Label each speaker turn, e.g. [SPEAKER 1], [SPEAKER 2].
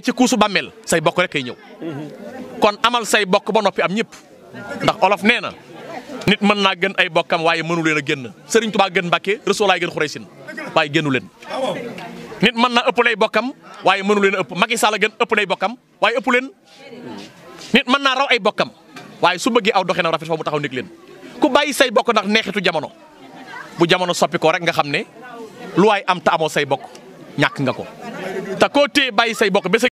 [SPEAKER 1] ci kuusu say bokk rek kay ñëw kon amal say bokk ba noppi am ñëpp ndax olof nee na nit mën naa gën ay bokkam waaye mënu leen a génn Sëriñ Tuubaa gën Mbàkke Rasuulaay gën waaye génnu leen nit mën na ëpp lay bokkam waaye mënu leen a ëpp Macky gën ëpp lay bokkam waaye ëpp leen nit mën naa raw ay bokkam waaye su bëggee aw doxinam rafet fa mu taxaw nekk leen ku bàyyi say bokk ndax neexetu jamono bu jamono soppi ko rek nga xam ne lu waay am ta say bokk ñàkk nga ko te koo téye bàyyi say bokk